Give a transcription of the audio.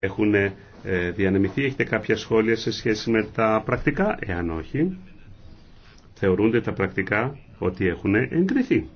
έχουν ε, διανεμηθεί. Έχετε κάποια σχόλια σε σχέση με τα πρακτικά. Εάν όχι, θεωρούνται τα πρακτικά ότι έχουν εγκριθεί.